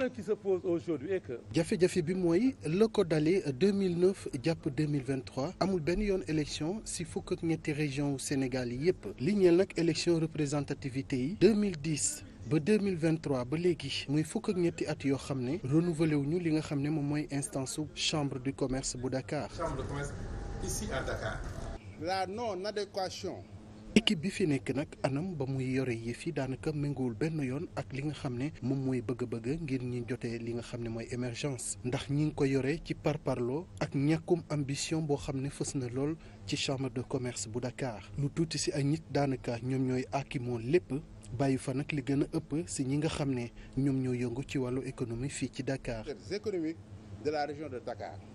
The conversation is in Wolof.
problème qui se pose aujourd'hui est que. jafe-jafe bi mooy la ko dalee jàpp amul benn yoon élection si fukk ak ñetti région senegal yi yëpp li ñeel nag élection représentativité yi 2010. ba 2023 ba léegi muy fukk ak ñetti at yoo xam ne renouvelé wu ñu li nga xam ne moom mooy instance su chambre du commerce bu Dakar. équipe bi fi nekk nag anam ba muy yore yëf yi daanaka méngoowul benn yoon ak li nga xam ne moom mooy bëgg-bëgg ngir ñu jotee li nga xam ne mooy émergence ndax ñi ngi ko yore ci par parloo ak ñàkkum ambition boo xam ne fës na lool ci chambre de commerce bu Dakar lu tuuti si ay nit daanaka ñoom ñooy aakimoo lépp bàyyi fa nag li gën a ëpp si ñi nga xam ne ñoom ñoo yëngu ci wàllu économie fii ci Dakar. économique de la région de Dakar.